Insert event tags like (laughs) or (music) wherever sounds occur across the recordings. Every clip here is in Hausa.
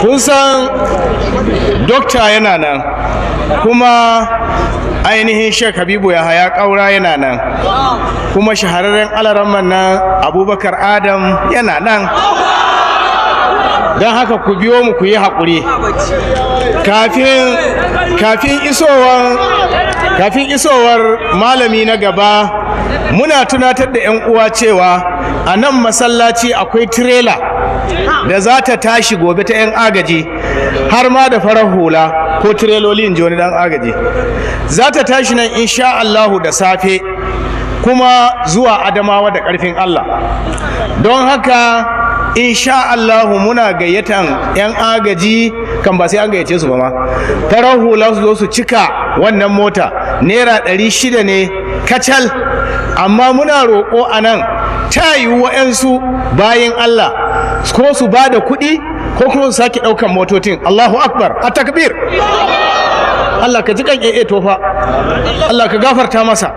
kun san dokta yana nan kuma ainihin shek habibu ya haya ƙaura yana nan kuma shahararren alaramman nan abubakar adam yana nan don haka ku biyo mu ku yi haƙuri kafin isowar malami na gaba muna tunatar da 'yan uwa cewa a nan masallaci akwai tirela da za ta tashi gobe ta 'yan agaji har ma da farar hula ko tireloli in ji wani dan agaji za ta tashi nan insha Allahu da safe kuma zuwa adamawa da ƙarfin Allah don haka insha Allahu muna gayyatan 'yan agaji kan ba sai an gayyace su ba ma farar hula su zo su cika wannan mota naira 600 ne kacal amma muna roƙo a nan ta yiwu wa'yansu bayan Allah ko su ba da kuɗi ko kuma su sake ɗaukan motocin Allahu akbar a takbir Allah ka ji kan AA tofa Allah ka gafarta masa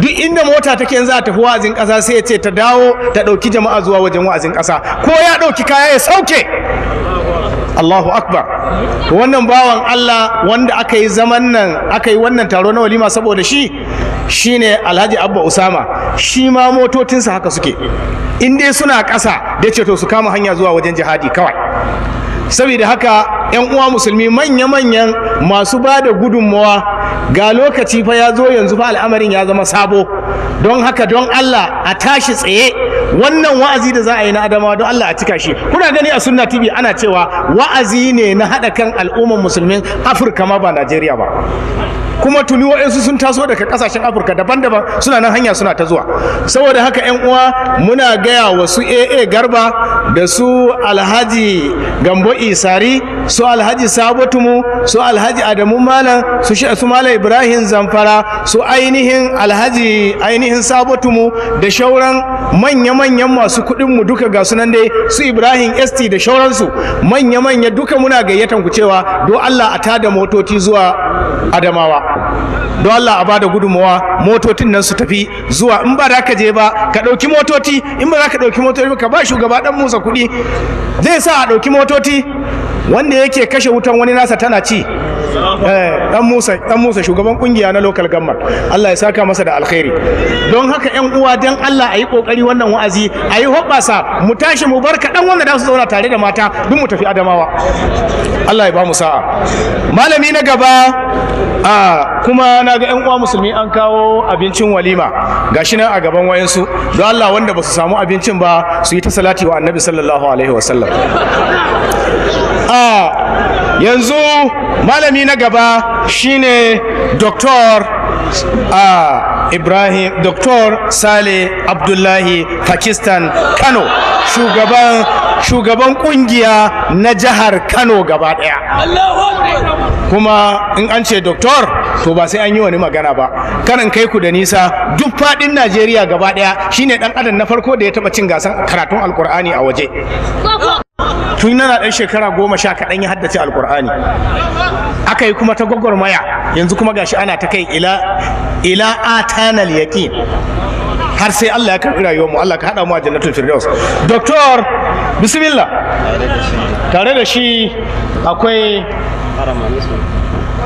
duk inda mota take yanzu a tafi wa'azin ƙasa sai ya ce ta dawo ta ɗauki jama'a zuwa wajen wa'azin ƙasa ko ya ɗauki kaya ya sauke Allahu akbar wannan bawan Allah wanda aka yi zaman nan aka yi wannan taro na walima saboda shi shine alhaji abba usama shi ma motocinsa haka suke in dai suna ƙasa da ce to su kama hanya zuwa wajen jihadi kawai saboda haka yan uwa musulmi manya-manyan masu ba da gudunmawa ga lokaci fa ya zo yanzu fa al'amarin ya zama sabo don haka don allah a tashi tsaye wannan wa'azi da za a yi na adamawa don Allah a cika shi kuna gani a sunna tv ana cewa wa'azi ne na haɗa kan al'ummar musulmin afirka ma ba najeriya ba kuma tuni wa'insu sun taso daga kasashen afirka daban-daban suna nan hanya suna ta zuwa saboda haka yan uwa muna gaya wa su aa garba da su alhaji gambo isari su alhaji sabotumu su alhaji adamu malam su shi su malam ibrahim zamfara su ainihin alhaji ainihin sabotumu da shauran manya-manya manya-manyan masu kuɗinmu duka ga sunan dai su ibrahim st da shauransu manya-manya duka muna gayyatan ku cewa don allah a tada motoci zuwa adamawa don allah a bada gudunmawa motocin nan su tafi zuwa in ba za ka je ba ka ɗauki motoci in ba za ka ɗauki motoci ba ka ba shugaba ɗan musa kuɗi zai sa a ɗauki motoci wanda yake kashe wutan wani nasa tana ci Eh, dan Musa dan Musa shugaban kungiya na local government Allah ya saka masa da alkhairi don haka ƴan uwa dan Allah ayi kokari wannan wa'azi ayi hoɓɓasa mu tashi mu barka dan wanda da su zauna tare da mata duk mu tafi Adamawa Allah ya ba mu sa'a malami na gaba a kuma na ga ƴan uwa musulmi an kawo abincin walima gashi nan a gaban wayansu don Allah wanda ba su samu abincin ba su yi ta salati wa annabi sallallahu alaihi wasallam a yanzu malami na gaba shine Dr. Ibrahim Dr. Sale Abdullahi Pakistan Kano shugaban shugaban kungiya na jihar Kano gaba daya kuma in an ce doktor to ba sai an yi wani magana ba karin kai ku da nisa duk fadin Najeriya gaba daya shine dan adam na farko da ya taba cin gasan karatun alkur'ani a waje tun yana ɗan shekara goma sha kaɗan ya haddace alƙur'ani aka yi kuma ta gwagwarmaya yanzu kuma gashi ana ta kai ila ila atanal yaqin har sai Allah ya karɓi rayuwar mu Allah ka haɗa mu a jannatul firdaus doctor bismillah tare da shi akwai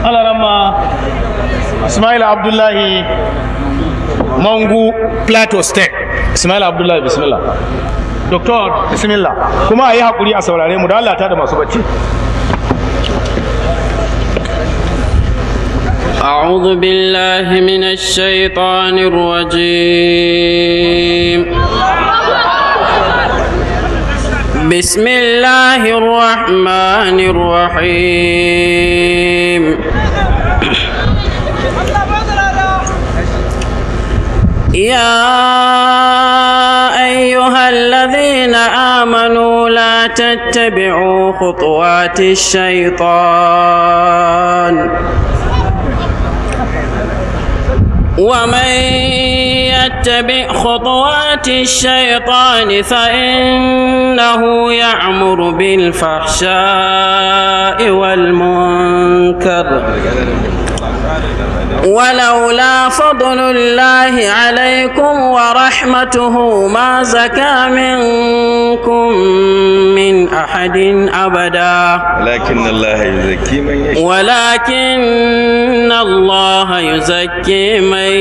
alarama ismail abdullahi mangu plateau state اسماعيل عبد الله بسم الله دكتور بسم الله كما ايه حقوري اسوال عليهم دعا الله أعوذ بالله من الشيطان الرجيم بسم الله الرحمن الرحيم يا الذين آمنوا لا تتبعوا خطوات الشيطان ومن يتبع خطوات الشيطان فإنه يعمر بالفحشاء والمنكر ولولا فضل الله عليكم ورحمته ما زكى منكم من أحد أبدا ولكن الله يزكي من يشاء ولكن الله يزكي من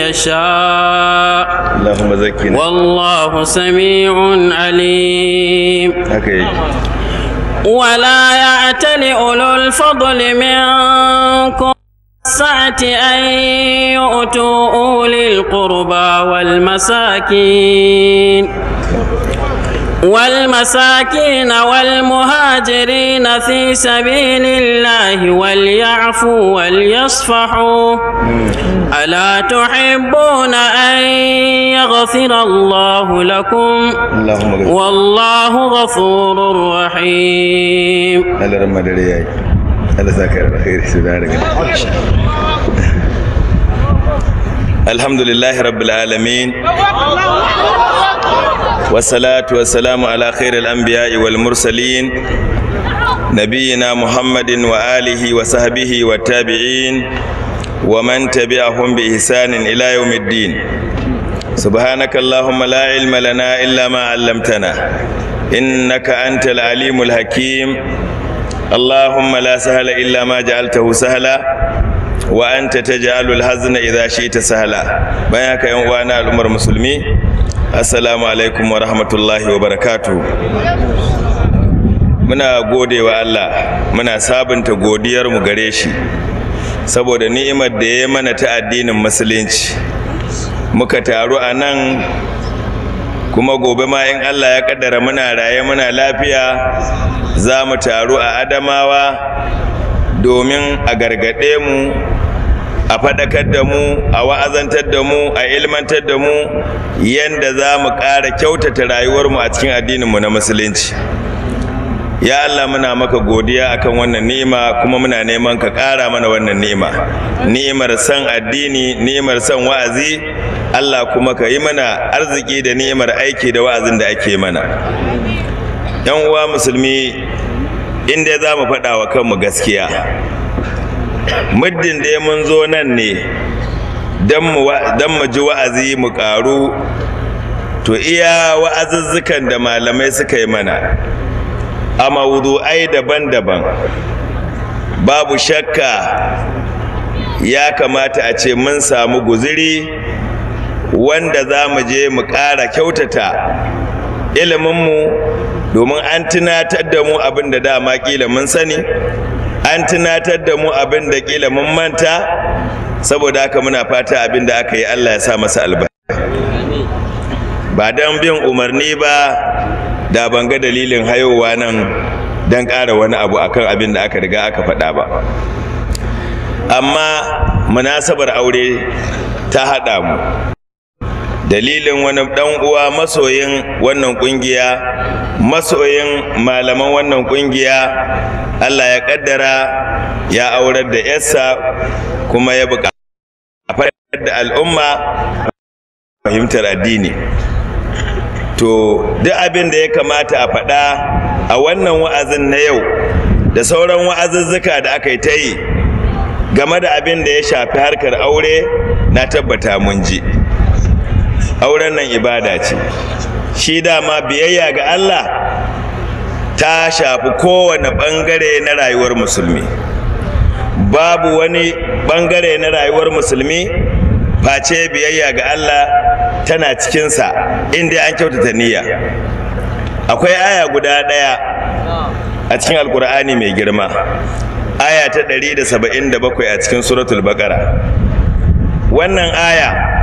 يشاء اللهم زكنا والله سميع عليم ولا يعتل أولو الفضل منكم السعة أن يؤتوا أولي القربى والمساكين والمساكين والمهاجرين في سبيل الله وليعفوا وليصفحوا ألا تحبون أن يغفر الله لكم والله غفور رحيم Allah saka da alkhairi su da daga Alhamdulillah rabbil alamin wassalatu wassalamu ala khairil anbiya'i wal mursalin نبينا محمد وآله وصحبه والتابعين ومن تبعهم بإحسان إلى يوم الدين سبحانك اللهم لا علم لنا إلا ما علمتنا إنك أنت العليم الحكيم اللهم لا سهل إلا ما جعلته سهلا وأنت تجعل الحزن إذا شئت سهلا بياك يوم وانا الأمر مسلمي assalamu alaikum wa rahmatullahi wa barakatu muna gode wa Allah muna sabunta godiyarmu gare shi saboda ni'imar da ya mana ta addinin musulunci muka taru a nan kuma gobe ma in Allah ya kaddara muna raye muna lafiya za mu taru a adamawa domin a gargaɗe mu a faɗakar da mu a wa'azantar da mu a ilmantar da mu yadda za mu ƙara kyautata rayuwarmu a cikin addininmu na musulunci ya Allah muna maka godiya akan wannan ni'ima kuma muna neman ka ƙara mana wannan ni'ima ni'imar san addini ni'imar san wa'azi Allah kuma ka yi mana arziki da ni'imar aiki da wa'azin da ake mana yan uwa musulmi inda za mu faɗa wa kanmu gaskiya muddin da mun zo nan ne don mu ji wa'azi mu ƙaru to iya wa'azuzzukan da malamai suka yi mana a ai daban-daban babu shakka ya kamata a ce mun samu guziri wanda za mu je mu ƙara kyautata iliminmu domin an tunatar da mu abin da dama ƙila mun sani an tunatar da mu abin da ƙila mun manta saboda haka muna fata abin da aka yi Allah ya sa masa albarka ba don bin umarni ba da ban ga dalilin hayowa nan don ƙara wani abu akan abin da aka riga aka faɗa ba amma munasabar aure ta haɗa mu dalilin wani dan uwa masoyin wannan kungiya masoyin malaman wannan kungiya Allah ya kaddara ya aurar da yarsa kuma ya buƙatar da al'umma fahimtar addini to duk abin da ya kamata a faɗa a wannan wa'azin na yau da sauran wa'azuzzuka da aka yi ta yi game da abin da ya shafi harkar aure na tabbata mun ji auren nan ibada ce shi dama biyayya ga Allah ta shafi kowane ɓangare na rayuwar musulmi babu wani ɓangare na rayuwar musulmi face biyayya ga Allah tana cikinsa inda an kyautata niyya akwai aya guda ɗaya a cikin alkur'ani mai girma aya ta 177 a cikin suratul baqara wannan aya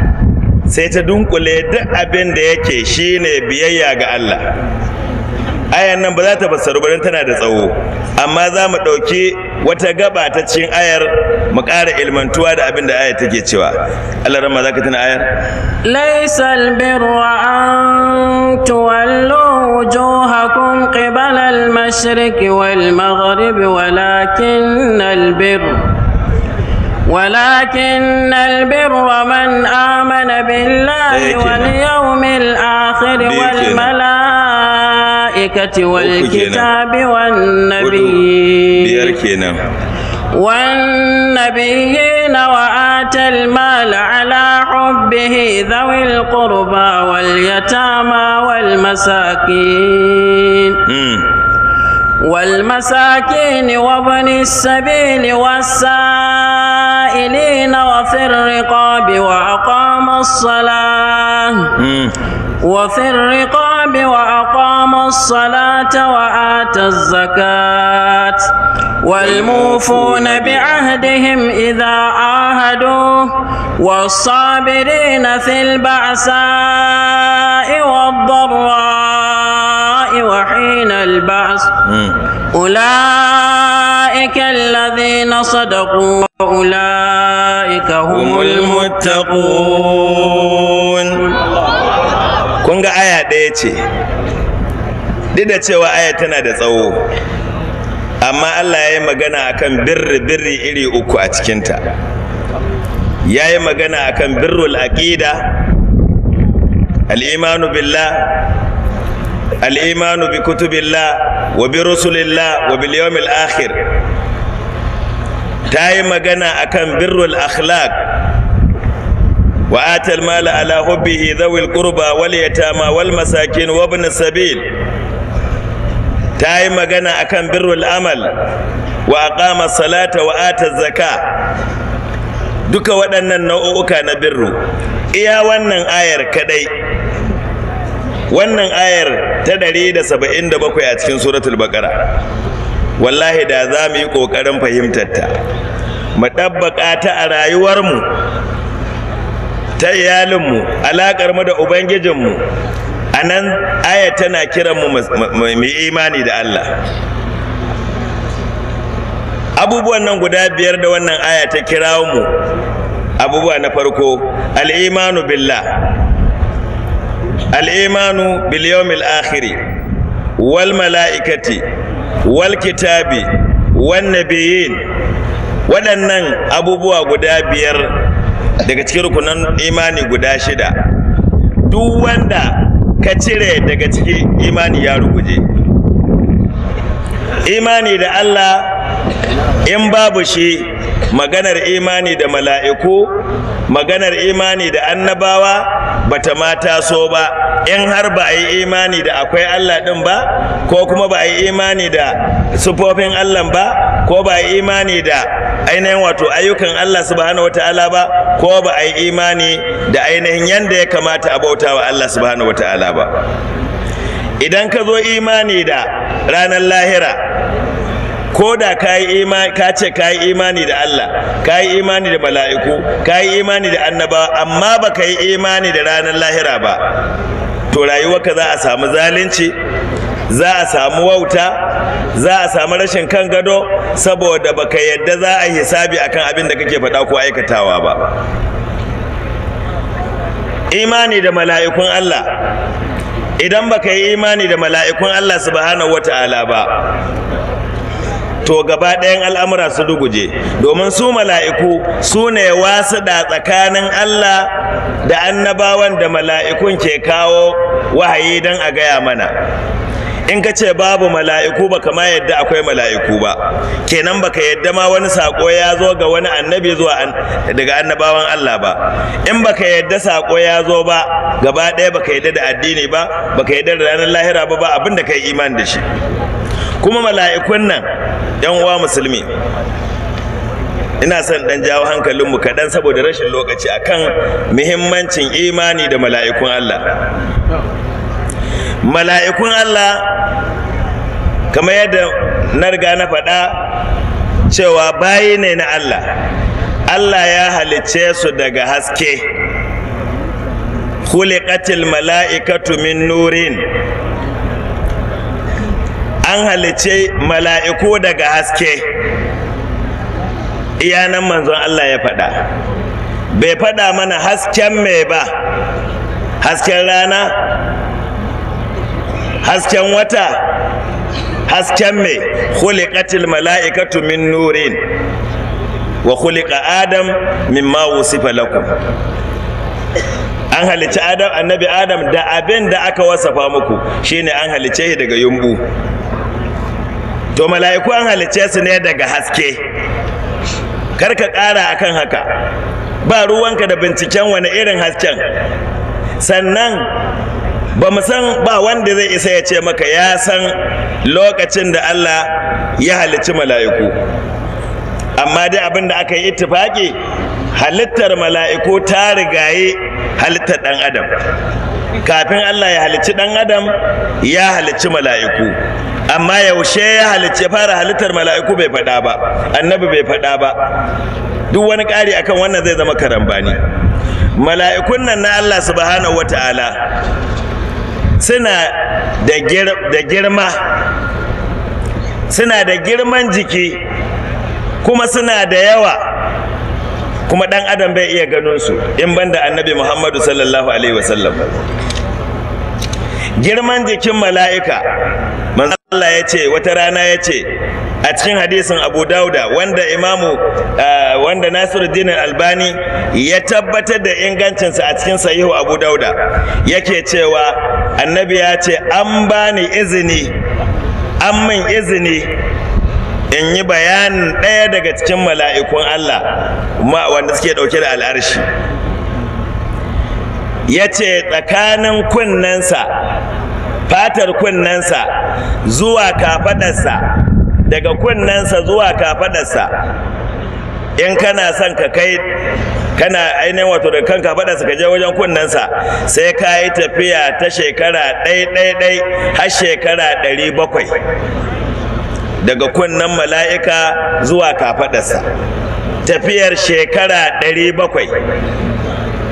sai ta dunkule duk abin da yake shine biyayya ga Allah ayan nan ba za ta fassaru ba tana da tsawo amma za mu ɗauki wata gaba ta cikin ayar mu ƙara ilmantuwa da abin da ayar take cewa Allah rama za ka tuna ayar laysal birra an tuwallu wujuhakum qibala al-mashriqi wal maghribi walakin al ولكن البر من آمن بالله واليوم الآخر والملائكة والكتاب والنبيين والنبيين وآتى المال على حبه ذوي القربى واليتامى والمساكين والمساكين وابن السبيل والسائل السائلين وفي الرقاب وأقام الصلاة وفي الرقاب وأقام الصلاة وآتى الزكاة والموفون بعهدهم إذا عاهدوا والصابرين في البعثاء والضراء وحين البعث أولئك أولئك الذين صدقوا وأولئك aya ɗaya ce dida cewa aya tana da tsawo amma Allah ya yi magana akan birri birri iri uku a cikinta ya yi magana akan birrul aqida al'imanu billah al'imanu bi kutubillah wa bi rusulillah wa bil yawmil akhir ta yi magana akan birrul akhlaq wa atal mala ala hubbihi dhawil qurba wal yatama wal masakin wa ibn sabil ta yi magana akan birrul amal wa aqama salata wa ata zaka duka waɗannan nau'uka na birru iya wannan ayar kadai wannan ayar ta 177 a cikin suratul baqara wallahi da za mu yi ƙoƙarin fahimtarta mu ɗabbaƙa ta a rayuwarmu ta iyalinmu alaƙarmu da ubangijinmu a nan aya tana kiranmu mu imani da Allah abubuwan nan guda biyar da wannan aya ta kira mu abubuwa na farko al'imanu billah al'imanu bil akhiri wal mala'ikati wal kitabi wan waɗannan abubuwa guda biyar daga cikin rukunan imani guda shida duk wanda ka cire daga cikin imani ya ruguje imani da Allah in babu shi maganar imani da mala'iku maganar imani da annabawa bata mata so ba in har ba a yi imani da akwai Allah ɗin ba ko kuma ba a yi imani da sufofin Allah ba ko ba a yi imani da ainihin wato ayyukan Allah subhanahu ta'ala ba ko ba a yi imani da ainihin yanda ya kamata a bauta wa Allah subhanahu ta'ala ba idan ka zo imani da ranar lahira ko da ka ce ka yi imani da Allah ka yi imani da mala'iku ka yi imani da annabawa amma ba ka yi imani da ranar lahira ba to rayuwarka za a samu zalunci za a samu wauta za a samu rashin kan gado saboda baka yadda za a hisabi akan abin da kake faɗa ko aikatawa ba imani da mala'ikun Allah idan baka yi imani da mala'ikun Allah subhanahu wata'ala ba to gaba ɗayan al'amura su duguje domin su mala'iku su ne wasu da tsakanin Allah da annabawan da mala'ikun ke kawo wahayi don a gaya mana in ka ce babu mala'iku ba kama yadda akwai mala'iku ba kenan baka yadda ma wani sako ya zo ga wani annabi zuwa daga annabawan Allah ba in baka yadda sako ya zo ba gaba ɗaya baka yadda da addini ba baka yadda da ranar lahira ba abinda ka yi iman imani da shi kuma mala'ikun nan yan uwa musulmi ina son dan jawo hankalinmu kaɗan saboda rashin lokaci akan muhimmancin imani da mala'ikun Allah mala'ikun Allah kamar yadda na riga na faɗa cewa bayi ne na Allah Allah ya halicce su daga haske khuliqatil mala'ikatu min nurin an halice mala'iku daga haske iyanan manzon Allah ya faɗa bai faɗa mana hasken mai ba hasken rana hasken wata hasken mai khuliqatil mala'ikatu min nurin wa khuliqa adam min wusifa lakum an halicci annabi adam da abin da aka wasafa muku shine an halice daga yumbu to mala'iku an halice su ne daga haske kar ka ƙara akan haka ba ruwanka da binciken wani irin hasken sannan ba mu san ba wanda zai isa ya ce maka ya san lokacin da Allah ya halicci mala'iku amma dai abin da aka yi ittifaki halittar mala'iku ta rigaye halittar ɗan adam kafin Allah ya halicci ɗan adam ya halicci mala'iku amma yaushe ya halicce fara halittar mala'iku bai faɗa ba annabi bai faɗa ba duk wani ƙari akan wannan zai zama karambani mala'ikun nan na Allah subhanahu wata'ala suna da girma suna da girman jiki kuma suna da yawa kuma ɗan adam bai iya su in banda annabi muhammadu sallallahu alaihi wasallam girman jikin mala'ika manzo Allah ya ce wata rana ya ce a cikin hadisin Abu Dauda wanda Imamu uh, wanda Albani ya tabbatar da ingancinsa a cikin Sahihu Abu Dauda yake cewa Annabi ya ce an bani izini an min izini in yi bayanin ɗaya daga cikin mala'ikun Allah ma wanda suke ɗauke da al'arshi ya ce tsakanin kunnensa fatar kunnensa zuwa kafadarsa daga kunnensa zuwa kafadarsa in kana son ka kai kana ainihin wato da kanka faɗa suka je wajen kunnensa sai ka yi tafiya ta shekara ɗai ɗai ɗai har shekara ɗari bakwai daga kunnen mala'ika zuwa kafaɗarsa tafiyar shekara ɗari bakwai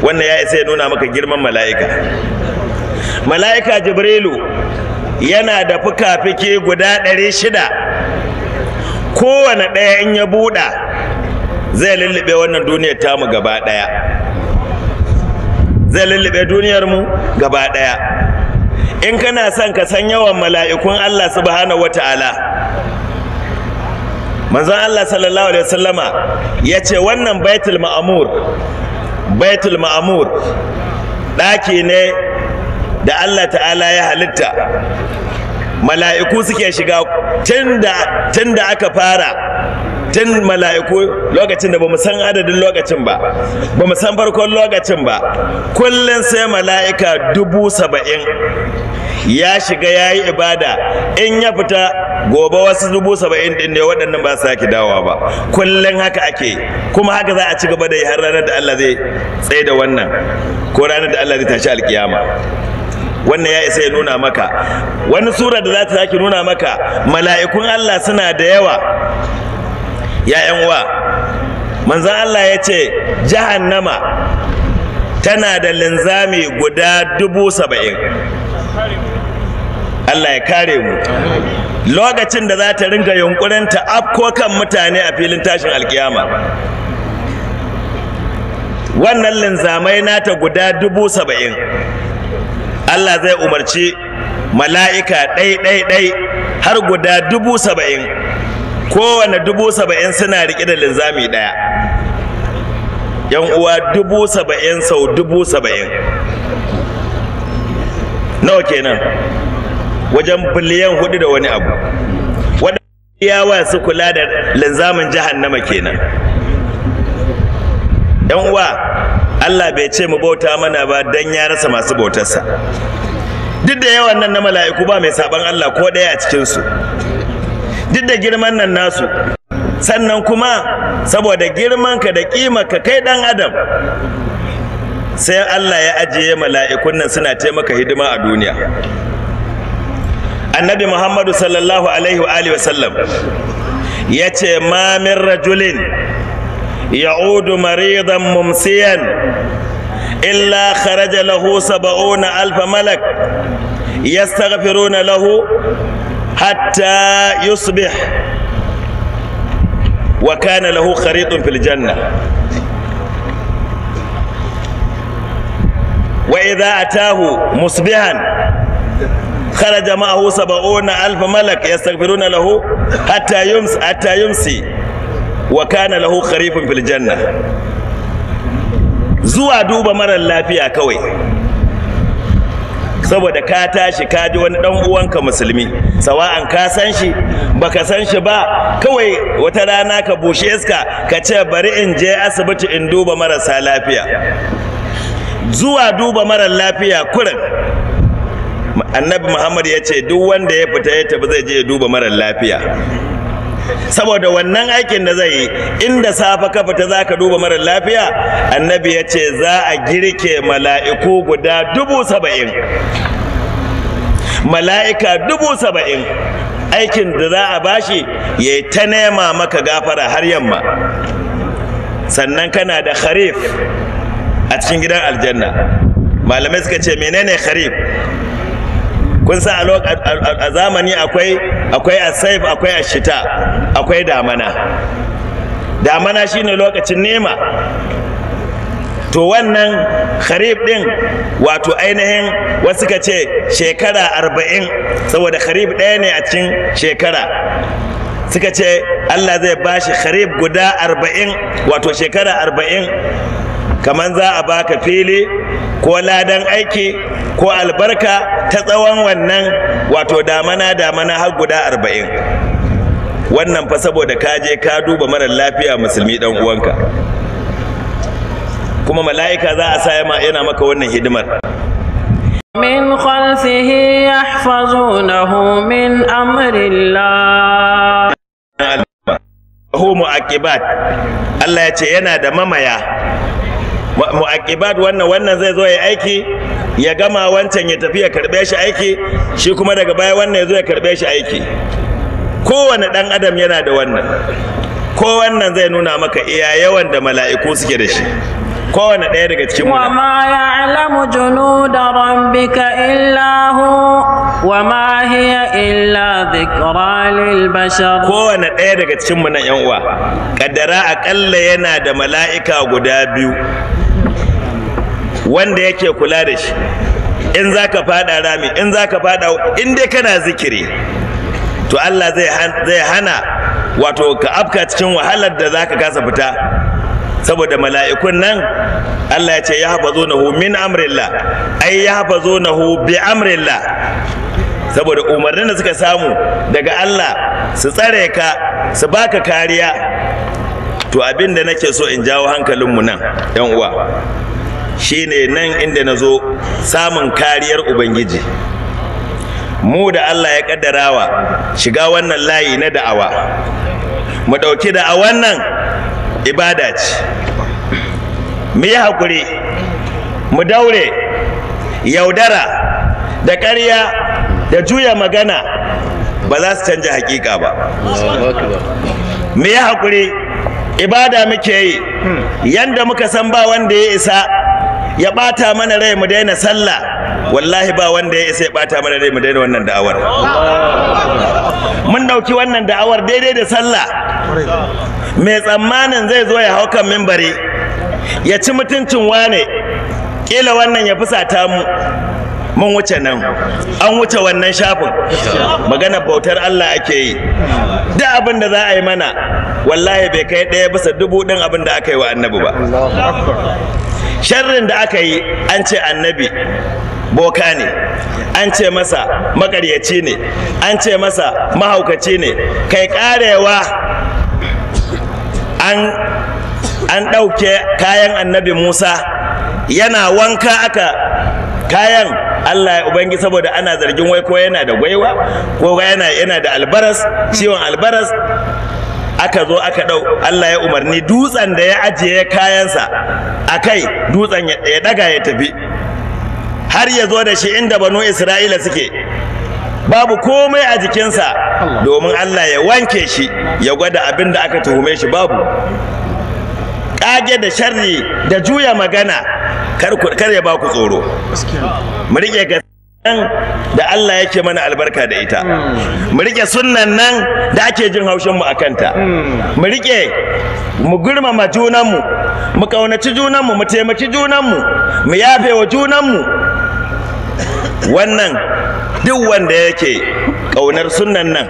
wannan ya isa ya nuna maka girman mala'ika mala'ika jibrilu yana da fuka-fike guda ɗari shida kowane ɗaya in ya buɗa zai lullube wannan duniyar tamu gaba ɗaya zai lullube duniyarmu gaba ɗaya in kana son ka san yawan mala'ikun allah subhanahu wa ta'ala manzon allah sallallahu alaihi wasallama ya ce wannan baitul ma'amur baitul ma'amur ɗaki ne da Allah ta'ala ya halitta mala'iku suke shiga tun da aka fara tun mala'iku lokacin da ba mu san adadin lokacin ba ba mu san farkon lokacin ba kullum sai mala'ika dubu saba'in ya shiga ya yi ibada in ya fita gobe wasu dubu saba'in din ne waɗannan ba sa ki dawowa ba kullum haka ake kuma haka za a ci gaba da yi har ranar da Allah zai tsaye da wannan ko ranar da Allah zai tashi alkiyama wannan ya isa ya nuna maka wani sura da za ta sake nuna maka mala'ikun Allah suna da yawa ya'yan wa manzan Allah ya ce jahannama tana da linzami guda dubu saba'in Allah ya kare mu lokacin da za ta ringa yunkurin ta afko kan mutane a filin tashin alkiyama wannan linzamai nata guda dubu saba'in Allah zai umarci mala'ika ɗai-ɗai-ɗai har guda dubu saba'in kowane dubu saba'in suna riƙe da linzami ɗaya yan uwa dubu saba'in sau dubu saba'in nawa kenan wajen biliyan hudu da wani abu waɗanda su kula da linzamin jahannama kenan yan uwa Allah bai ce mu bauta mana ba dan ya rasa masu bautarsa duk da yawan nan na mala'iku ba mai saban Allah ko ɗaya a cikinsu duk da girman nan nasu sannan kuma saboda girman ka da kima ka kai ɗan adam sai Allah ya ajiye mala'ikun nan suna taimaka hidima a duniya annabi muhammadu sallallahu alaihi wa sallam ya ce ma rajulin يعود مريضا ممسيا إلا خرج له سبعون ألف ملك يستغفرون له حتى يصبح وكان له خريط في الجنة وإذا أتاه مصبحا خرج معه سبعون ألف ملك يستغفرون له حتى يمسي حتى يمسي wa kana lahu kharifun fil janna zuwa duba marar lafiya kawai saboda ka tashi ka ji wani dan uwanka musulmi sawa'an ka san shi baka san shi ba kawai wata rana ka bushe iska ka ce bari in je asibiti in duba marasa lafiya zuwa duba marar lafiya kurin annabi muhammad ya ce duk wanda ya fita ya tafi zai je ya duba marar lafiya saboda wannan aikin da zai yi inda safa ka fita za ka duba marar lafiya annabi ya ce za a girke mala'iku guda dubu saba'in mala'ika dubu saba'in aikin da za a bashi ya yi ta nema maka gafara har yamma sannan kana da kharif a cikin gidan aljanna malamai suka ce menene kharif kun sa a zamani akwai akwai a saif akwai ashita akwai damana damana shine lokacin nema to wannan kharif din wato ainihin wasu ka ce shekara arba'in saboda kharif ɗaya ne a cikin shekara suka ce allah zai bashi kharif guda arba'in wato shekara arba'in kamar za a baka fili ko ladan aiki ko albarka ta tsawon wannan wato damana damana har guda arba'in wannan fa saboda ka je ka duba marar lafiya musulmi dan uwanka kuma mala'ika za a sa yana maka wannan hidimar من خلفه يحفظونه من أمر الله هو مؤكبات الله يتي ينا mu'aqibat wannan wannan zai zo ya aiki ya gama wancan ya tafi ya karbe shi aiki shi kuma daga baya wannan ya zo ya karbe shi aiki kowane dan adam yana da wannan ko wannan zai nuna maka iya yawan da mala'iku suke da shi kowane ɗaya daga cikin wa ma ya'lamu junuda rabbika illa hu wa ma hiya illa dhikra lil bashar kowane ɗaya daga cikin mu nan yan uwa kaddara akalla yana da mala'ika guda biyu wanda yake kula da shi in za ka fada rami in za ka fada in dai kana zikiri to Allah zai hana wato ka afka cikin wahalar da za ka kasa fita saboda mala'ikun nan Allah ya ce ya hafa zonahu min amrillah ai ya hafa zonahu bi amrillah saboda umarnin da suka samu daga Allah su tsare ka su baka kariya to abin da nake so in jawo hankalinmu nan yan uwa shine nan inda na zo samun kariyar ubangiji mu da Allah ya kaddarawa shiga wannan layi na da'awa mu ɗauki da'awan nan ibada ce mu yi haƙuri mu daure yaudara da ƙarya da juya magana ba za su canja hakika ba mu yi haƙuri ibada muke yi yanda muka san ba wanda ya isa ya bata mana rai mu daina sallah wallahi ba wanda ya isa ya bata mana rai mu daina wannan da'awar mun dauki wannan da'awar daidai da sallah mai tsammanin zai zo ya hau kan mimbari ya ci mutuncin wane kila wannan ya fusata mu mun wuce nan an wuce wannan shafin magana bautar Allah ake yi duk abin da za a yi mana wallahi bai kai ɗaya bisa dubu ɗin abin da aka yi wa annabi ba sharrin da aka yi an ce annabi boka ne an ce masa makaryaci ne an ce masa mahaukaci ne kai karewa an ɗauke kayan annabi musa yana wanka aka kayan Allah ya ubangi saboda ana zargin wai ko yana da gwaiwa ko yana da albaras ciwon albaras aka zo aka ɗau Allah ya umarni dutsen da ya ajiye kayansa a kai dutsen ya ɗaga ya tafi har ya zo da shi inda banu isra'ila suke babu komai a jikinsa domin Allah ya wanke shi ya gwada abin da aka tuhume shi babu ƙage da sharri da juya magana kar ya ba ku tsoro nan da Allah yake mana albarka da ita mu rike sunnan nan da ake jin haushin mu akanta mu rike mu girmama junan mu mu kaunaci junan mu mu taimaki junan mu mu yafe wa junan mu wannan duk wanda yake kaunar sunan nan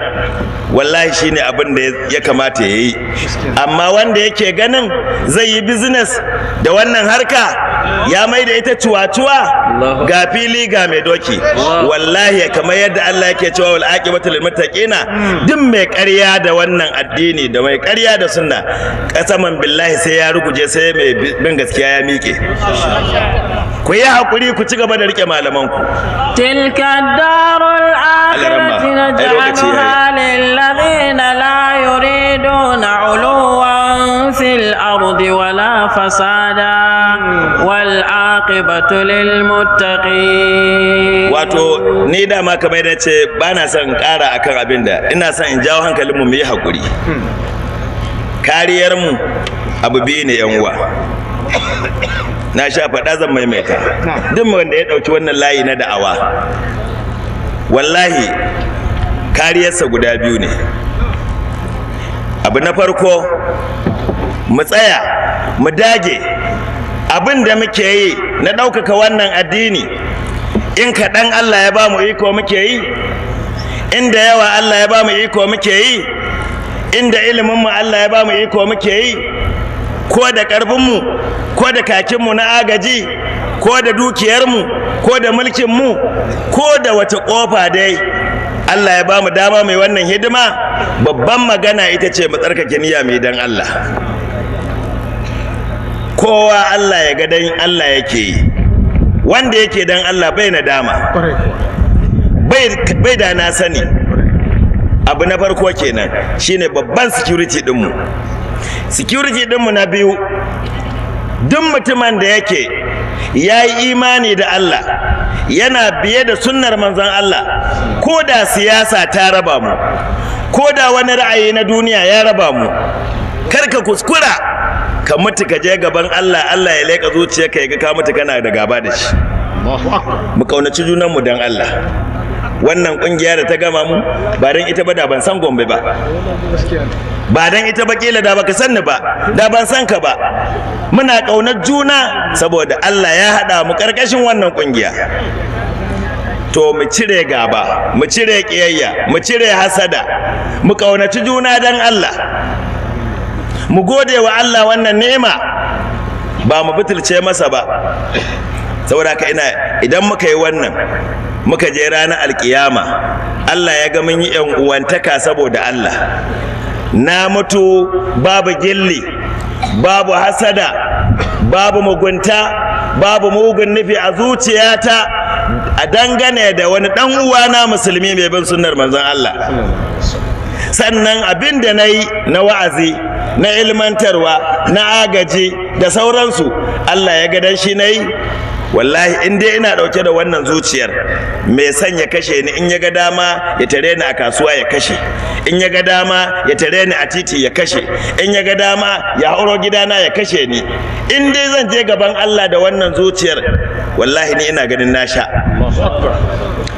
wallahi shine abin da ya kamata ya yi amma wanda yake ganin zai yi business da wannan harka ya mai da ita cuwa-cuwa ga fili ga mai doki wallahi kamar yadda Allah yake cewa wal aqibatu lil muttaqina duk mai ƙarya da wannan addini da mai ƙarya da sunna kasaman billahi sai ya ruguje sai mai bin gaskiya ya miƙe ku yi hakuri ku ci gaba da rike malaman ku tilka الدار الآخرة نجعلها للذين لا يريدون علوا في الأرض ولا فسادا والعاقبة للمتقين wato ni dama kamar da ce ba na son ƙara akan abin da ina son in jawo hankalinmu mu yi haƙuri kariyarmu abu biyu ne yan uwa na sha faɗa zan maimaita duk wanda ya ɗauki wannan layi na da'awa wallahi kariyarsa guda biyu ne abu na farko mu tsaya mu dage abin da muke yi na ɗaukaka wannan addini in kaɗan Allah ya ba mu iko muke yi inda yawa Allah ya ba mu iko muke yi inda iliminmu Allah ya ba mu iko muke yi ko da ƙarfinmu ko da kakinmu na agaji ko da dukiyarmu ko da mulkinmu ko da wata ƙofa dai Allah ya ba mu dama mai wannan hidima babban magana ita ce mu tsarkake niyya mai dan Allah kowa Allah ya ga dan Allah yake yi wanda yake dan Allah bai na dama, bai da na sani abu na farko kenan shine babban security dinmu security dinmu na biyu duk mutumin da yake ya yi imani da Allah yana biye da sunnar manzan Allah ko da siyasa ta raba mu ko da wani ra'ayi na duniya ya raba mu kar ka kuskura ka mutu ka je gaban Allah Allah ya leka zuciyarka ya ga ka mutu kana da gaba da shi mu kaunaci mu dan Allah wannan kungiya da ta gama mu ba don ita ba da ban san gombe ba ba dan ita ba kila da baka sanni ba da ban san ka ba muna ƙaunar juna saboda Allah ya haɗa mu ƙarƙashin wannan ƙungiya to mu cire gaba mu cire kiyayya mu cire hasada mu ƙaunaci juna dan Allah mu gode wa Allah wannan ni'ima ba mu butulce masa ba saboda haka ina idan muka yi wannan muka je ranar alkiyama Allah ya ga mun yi 'yan uwantaka saboda Allah na mutu babu gilli babu hasada babu mugunta babu mugun nufi a zuciyata a dangane da wani dan uwana musulmi mai bin sunnar manzon Allah sannan abin da na yi na wa'azi na ilmantarwa na agaji da sauransu Allah ya ga dan shi na yi wallahi in dai ina dauke da wannan zuciyar mai son ya kashe ni in ya ga dama ya tare ni a kasuwa ya kashe in ya ga dama ya tare ni a titi ya kashe in ya ga dama ya hauro gidana ya kashe ni in dai zan je gaban Allah da wannan zuciyar wallahi ni ina ganin na sha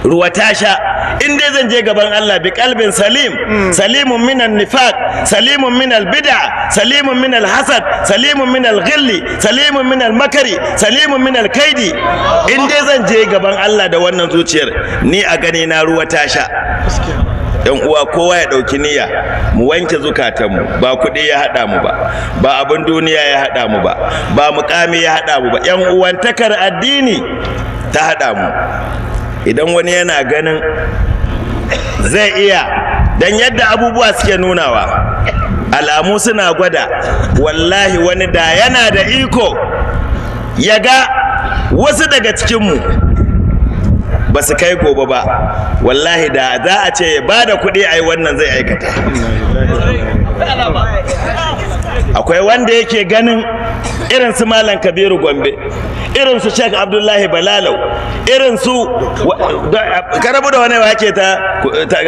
ruwa ta sha in dai zan je gaban Allah bi kalbin salim salimun minal nifaq salimun minal bid'a salimun minal hasad salimun minal ghilli salimun minal makari salimun minal kaidi in dai zan je gaban Allah da wannan zuciyar ni a gani na ruwa ta sha yan uwa kowa ya ɗauki niyya mu wanke zukatanmu ba kuɗi ya haɗa mu ba ba abin duniya ya haɗa mu ba ba mukami ya haɗa mu ba yan uwantakar addini ta haɗa mu idan wani yana ganin zai iya don yadda abubuwa suke nunawa alamu suna gwada wallahi wani da yana da iko ya ga wasu daga cikinmu ba su kai gobe ba wallahi da za a ce ya ba da kuɗi a yi wannan zai aikata akwai wanda yake ganin irin su malam kabiru gombe irin su Abdullahi Balalau irin su karabu da wani wake ta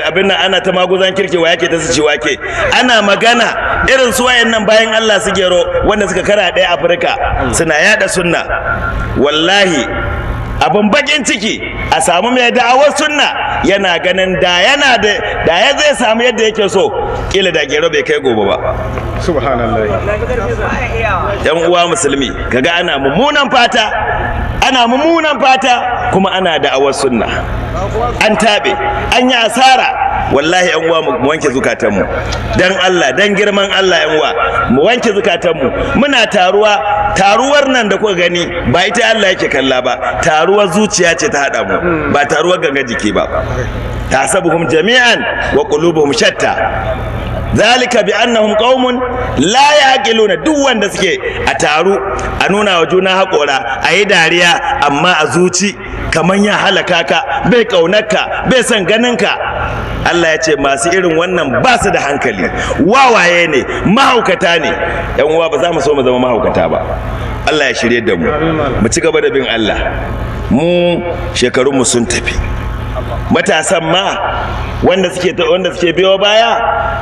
abin nan ana ta maguzan kirki wake ta su ci wake ana magana irin su wayannan bayan Allah su gero wanda suka kara ɗaya Afirka suna yada sunna wallahi abin bakin ciki a samu mai da'awar sunna yana ganin da yana da da ya zai samu yadda yake so kila da gero bai kai gobe ba subhanallah yan uwa musulmi kaga ana mummunan fata ana mummunan fata kuma ana da'awar sunna an tabe an yi asara wallahi yan uwa mu wanke zukatanmu dan Allah dan girman Allah yan uwa mu wanke zukatanmu muna taruwa taruwar nan da kuka gani ba ita Allah yake kalla ba taruwar zuciya ce ta hada mu ba taruwar ganga jiki ba Ta tasabuhum jami'an wa qulubuhum shatta zalika bi annahum qaumun la yaqiluna duk wanda suke a taru a nuna wa juna hakora, a yi dariya amma a zuci kaman ya halaka ka bai ka, bai son ka. Allah ya ce masu irin wannan ba su da hankali wawaye ne mahaukata ne yan uwa ba za mu so mu zama mahaukata ba Allah ya shirye da mu mu ci gaba da bin Allah mu shekarunmu sun tafi matasan ma wanda suke wanda suke biyo baya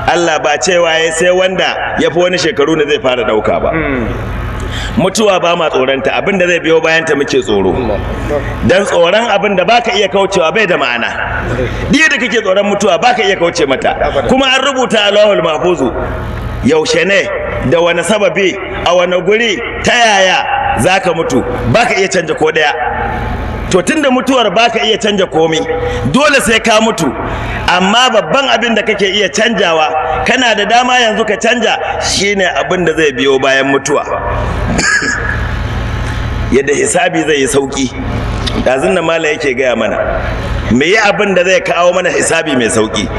Allah ba cewa ya sai wanda ya fi wani shekaru ne zai fara ɗauka ba mutuwa ba ma tsoronta abinda zai biyo bayanta muke tsoro dan tsoron abin da baka iya kaucewa bai da ma'ana diya da kake tsoron mutuwa baka iya kauce mata kuma an rubuta alawul mahfuzu yaushe ne da wani sababi a wani guri ta yaya zaka mutu baka iya canja ko daya to tun da mutuwar baka iya canja komai dole sai ka mutu amma babban abin da kake iya canjawa kana da dama yanzu ka canja shine abin da zai biyo bayan mutuwa (laughs) yadda hisabi zai yi sauki dazun da mala yake gaya mana me yi abin da zai kawo mana hisabi mai sauki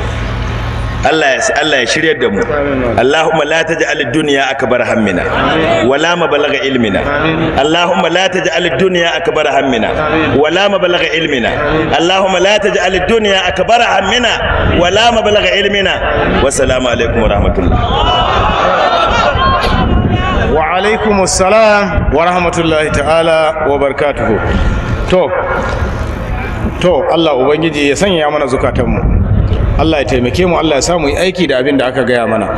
Allah ya Allah ya shiryar da mu Allahumma la taj'al ad-dunya akbar hammina wala mabalagha ilmina Allahumma la taj'al ad-dunya akbar hammina wala ilmina Allahumma la taj'al ad-dunya akbar hammina ilmina wa alaikum assalam wa rahmatullahi ta'ala wa barakatuhu to to Allah ubangiji ya sanya mana zukatanmu Allah ya taimake mu Allah ya samu yi aiki da abin da aka gaya mana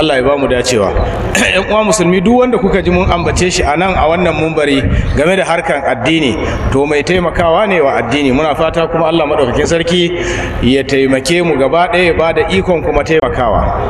Allah ya ba mu dacewa (clears throat) yan uwa musulmi duk wanda kuka ji mun ambace shi a nan a wannan mumbari game da harkan addini to mai taimakawa ne wa addini muna fata kuma Allah madaukakin sarki ya taimake mu gaba ɗaya ba da ikon kuma taimakawa